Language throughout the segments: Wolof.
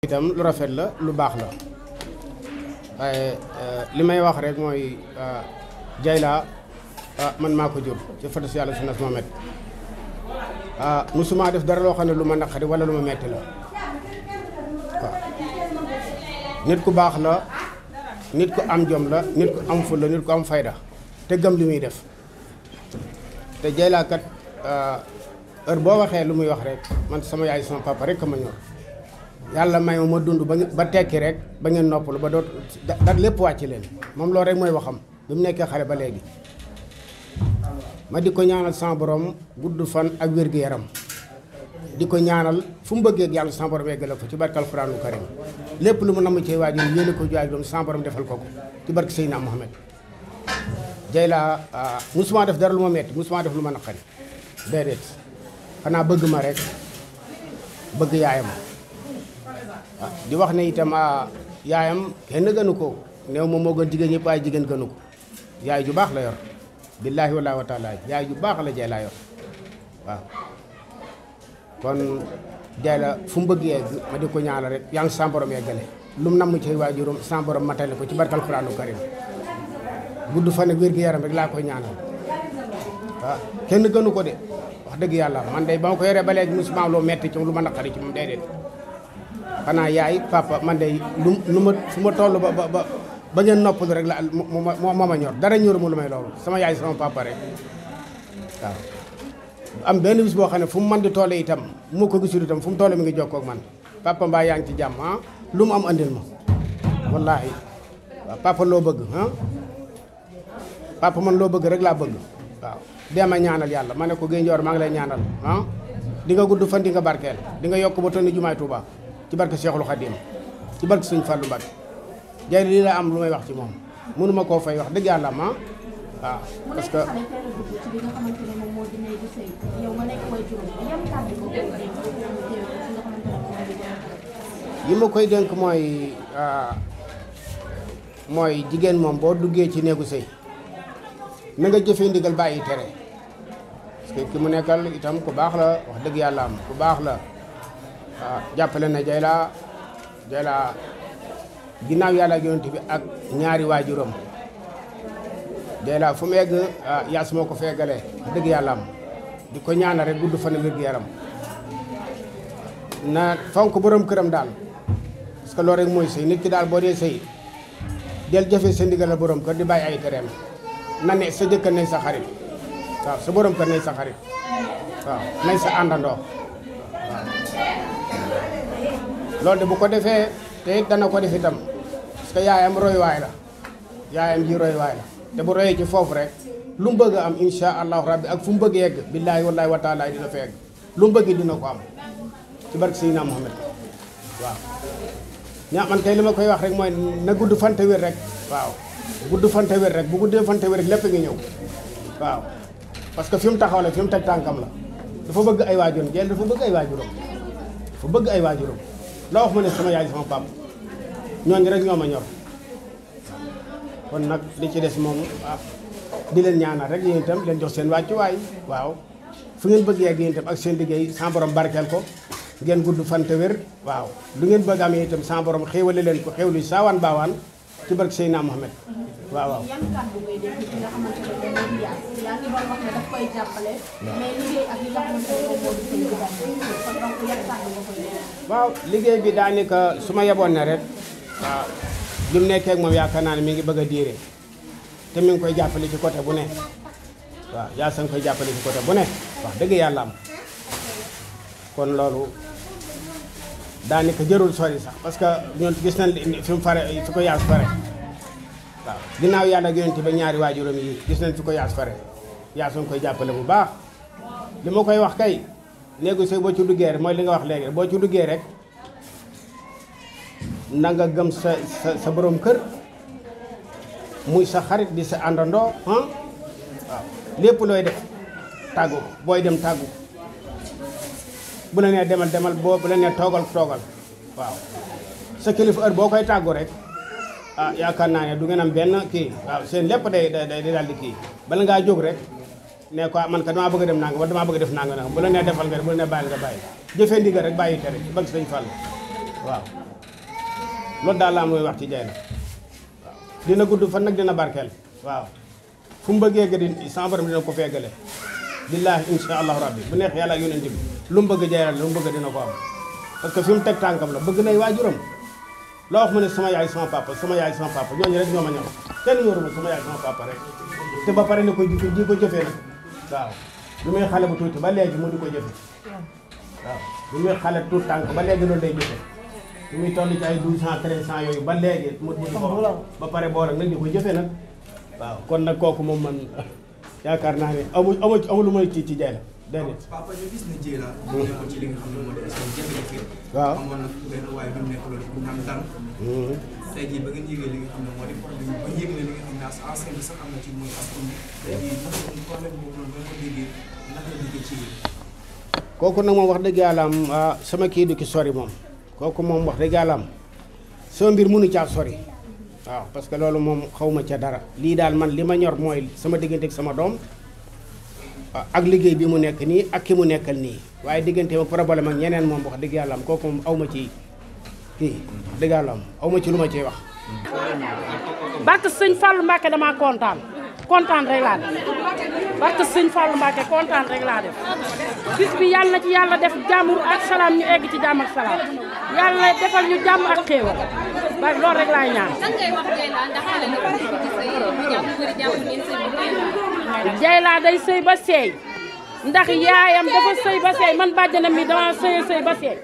itam lu rafet la lu baax la waaye li may wax rek mooy Dieyla man maa ko jur ci fadus yàlla sunas Mohamed musuma def dara loo xam ne lu ma naqari wala lu ma metti la waaw nit ku baax la nit ku am jom la nit ku am ful la nit ku am fayda te gëm li muy def te Dieyla kat heure boo waxee lu muy wax rek man sama yaay sama papa rek ka ma ñor yàlla may ma dund ba ba tekki rek ba ngeen noppalu ba doot da lépp ci leen moom lool rek mooy waxam bi mu nekkee xale ba léegi ma di ko ñaanal sama boroom gudd fan ak wér-gu-yaram di ko ñaanal fu mu bëggee yàlla sama borom eggale ko ci barke alxuraanu karim lépp lu mu namu ci waajur yéene ko waajuram sama borom defal ko ko ci barke Seydina Mohamed jay laa ah, musuma def dara lu ma metti def lu ma naqari déedéet xanaa bëgg rek bëgg yaayam di wax ne itam ah, yaayam kenn gënu ko néew moom moo gën jigéen ñëpp waaye jigéen gënu ko yaay ju baax la yor billaahi wallaahi wa taala yaay ju baax la jaay laa yor waaw kon jaay la fu mu bëgg yegg ma di ko ñaanal rek yaa samborom sa borom yeggale lu mu namm ci waajuram sa borom ko ci barkal Qur'aanu karim gudd fan ak wér gu yaram rek laa koy ñaanal waaw kenn gënu ko de wax dëgg yàlla man de ba ma ko yoree ba léegi meti loo metti lu ma naqari ci moom déedéet xanaa yaay papa man de lu lu ma fu ma toll ba ba ba ngeen noppalu rek la moo ma ñor dara ñor mu lu may loolu sama yaay sama papa rek waaw. am benn bis boo xam ne fu mu mën di toole itam mu ko gisul itam fu mu toole mi ngi jokkoo ak man papa mbaa yaa ngi ci jàmm ah lu mu am andil ma wallaahi waaw loo bëgg ah papa man loo bëgg rek laa bëgg waaw. deema ñaanal yàlla ma ne ko Gueye Ndior maa ngi lay ñaanal ah di nga gudd fan di nga barkeel di nga yokk ba tonni jumaay Tuubaa ci barke Cheikhul Khadim ci barke Sëñ Fallou Mbacke jaay lii am lu may wax ci moom mënuma koo fay wax dëgg yàlla ma waaw que li ma koy dénk mooy ah, mooy jigéen moom boo duggee ci néegu sëy na nga jëfee ndigal bàyyi tere parce ki mu nekkal itam ku baax la wax dëgg yàlla am ku baax la jappale na jeyla jeyla ginaaw yalla ak yonent bi ak ñaari waajuram jeyla fu mu egg ah, yaas moo ko feegalee dëgg am diko ñaanal rek guddu fan wér yaram na fonk borom kërëm dal parce que lo rek moy sey nit ki dal bo dé sey del jafé sa ndigal borom kër di bay ay na ne sa jëk né sa xarit waaw sa borom kër né sa xarit waaw sa andando loolu de bu ko defee te dana ko def itam parce yaayam roy waay la yaayam ji royuwaay la te bu royee ci foofu rek lu mu bëgg am insha allahu rabbi ak fu mu bëgg yegg billaahi wallaahi wa taala dina fa lu bëgg dina ko am ci barke Seydina Muhammad waaw ma koy wax rek mooy na gudd fante rek waaw gudd fante wér bu guddee fante lépp ngi ñëw waaw parce que mu taxaw la fi mu la dafa bëgg ay waajuram jël dafa bëgg ay bëgg ay waajuram loo wax ma ne sama yaay sama papa ñooñu rek ñoo ma ñor kon nag li ci des moom ah, di leen ñaanal rek yéen itam leen jox seen waay waaw fu ngeen bëggee yegg ak seen liggéey sans borom barkeel ko ngeen gudd fante wér waaw lu ngeen bëgg amee itam sans borom xéewale leen ko xéewlu saawaan baawaan ci barke Seydina Mohamed waaw waaw. yan kàddu ngay def ci nga xamante ne moom mooy Dia yaa ngi doon wax ne daf koy jàppale. mais liggéey ak li nga xamante ne moom moo di suñu kon donc yan kàddu nga koy def. waaw liggéey bi daanaka su ma yeboon ne rek waaw li mu nekkee ak moom yaakaar naa ne mi ngi bëgg a diire te mi ngi koy jàppale ci côté bu ne waaw yaa sa nga koy jàppale ci côté bu ne wax dëgg yàlla am kon loolu. daanaka jërul sori sax parce que ñun gis nañ fi mu fare fi ko yaas fare ginaaw yàlla ak yonent ba ñaari waajuram yi gis nañ fi ko yaas fare yaas ngi koy jàppale bu baax li ma koy wax kay néegu sëy boo ci duggee rek mooy li nga wax léegi boo ci duggee rek na nga gëm sa sa sa borom kër muy sa xarit di sa àndandoo ah waaw lépp looy def tàggu booy dem tàggu bu la nee demal demal boo bu la nee toogal toogal waaw sa kilifa heure boo koy tàggu rek. ah yaakaar naa ne du ngeen am benn kii waaw seen lépp day day day daal di kii bala ngaa jóg rek ne quoi ah, man ka damaa bëgg dem nanga wala damaa bëgg def nanga bu la nee defal nga bu la nee bàyyi nga bàyyi jëfee ndigal rek bàyyi tere ci bag si dañ fàll waaw loolu daal la am mooy wax ci jay na dina gudd fan nag dina barkeel waaw mu bëggee gëdi sama borom dina ko feegale billaahi insha allahu rabbi bu neex yàlla ak yonent bi lu mu bëgg jaay la lu mu bëgg dina ko am parce fi mu teg tànkam la bëgg nay waajuram loo wax ne sama yaay sama papa sama yaay sama papa ñooñu rek ñoo ma ñor kenn ñoruma sama yaay sama papa rek te ba pare ne koy jëfe di ko jëfee nag waaw lu muy xale bu tuuti ba léegi mu di ko jëfe waaw lu muy xale tànk ba léegi loolu lay jëfe lu muy toll ci ay douze cent treize cent yooyu ba léegi ko ba pare boo rek nag di ko jëfee nag waaw kon nag kooku moom man yaakaar naa ne amu amu amu lu may kii ci jaay la dégg nga. papa ñu gis mm. na mm. Dieyla. kooku nag moom wax dëgg ah, sama kii du ki sori moom kooku moom wax dëgg sama mbir mënu caa sori waaw parce que loolu moom xaw ma ca dara lii daal man li ma ñor mooy sama diggante ak sama doom ak liggéey bi mu nekk nii ak ki mu nekk nii waaye diggante ma problème ak ñeneen moom wax dëgg yàlla am kooku moom aw ma ci kii dëgg yàlla am aw ma ci lu ma wax. barke sëñ Fallou Mbacke kontaan kontaan rek laa def barke kontaan rek laa bi yàlla na ci def jàmm ak salaam ñu egg ci jàmm ak salaam yàlla defal ñu jàmm ak xéewal Dieyla day sëy ba seey ndax yaayam dafa sëy ba seey man bàjjanam mi dama sëy sëy ba seey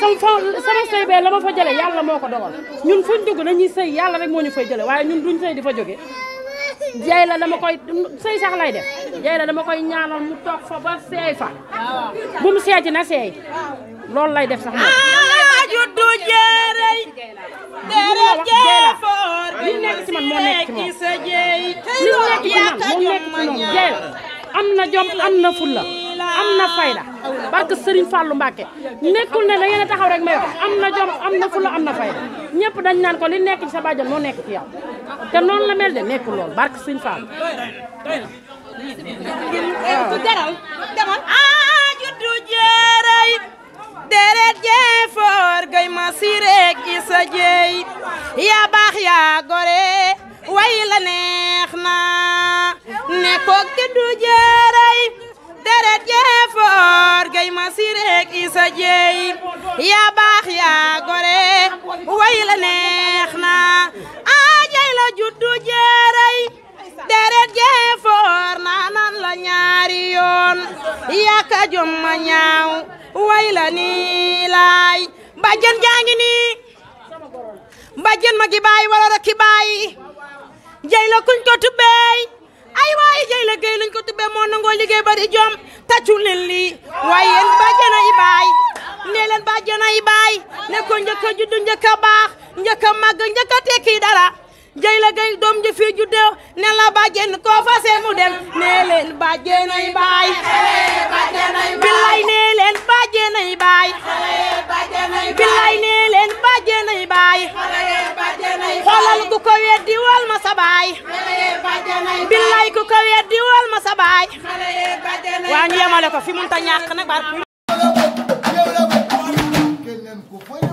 sama fa sama sëy bee la ma fa jële yàlla moo ko dogal ñun fuñ dugg dañuy sëy yàlla rek moo ñu fay jële waaye ñun duñ sëy di fa jóge Dieyla dama koy sëy sax lay def Dieyla dama koy ñaanal mu toog fa ba seey fa bu mu seeti na seey loolu lay def sax moom juddu jeerey dere man moo nekk ci moom li nekk man moo nekk ci moom am na jom am na fulla am na fayda barke Serigne Fallou Mbacke nekkul ne da ngeen a taxaw rek may wax am na jom am na fulla am na fayda ñëpp dañ naan ko li nekk ci sa bàjjan moo nekk ci yow te noonu la mel de nekkul lool barke Serigne Fallou. yaay ma isa jeey yaa baax yaa gore way neex na ne ko gëddu jeeray deret jee foor gay ma siireeg isa jeey yaa baax yaa gore way neex na aa jay la juddu jeeray deret jee foor naanan la ñaari yaa ka ma ñaaw way nii laay mbàjjen jaa ngi nii mbàjjen ma gi baay baay jëy kuñ ko tubbeey ay waaye jëy la géy ko tubbee moo nangoo liggéey bari jom tàccu leen lii waaye yéen baay nee leen mbàjjen ay baay ne ko njëkk a juddu njëkk a dara jëy la doom ji fii juddoo ne la bàjjen koo fase mu dem nee leen baay billaay nee leen mbàjjen ay billaay nee leen baay xoolal ku ko weddi wal ma baay billaay ku ko weddi wal ma baay waa yemale ko fi mun ta ñàkk nag barke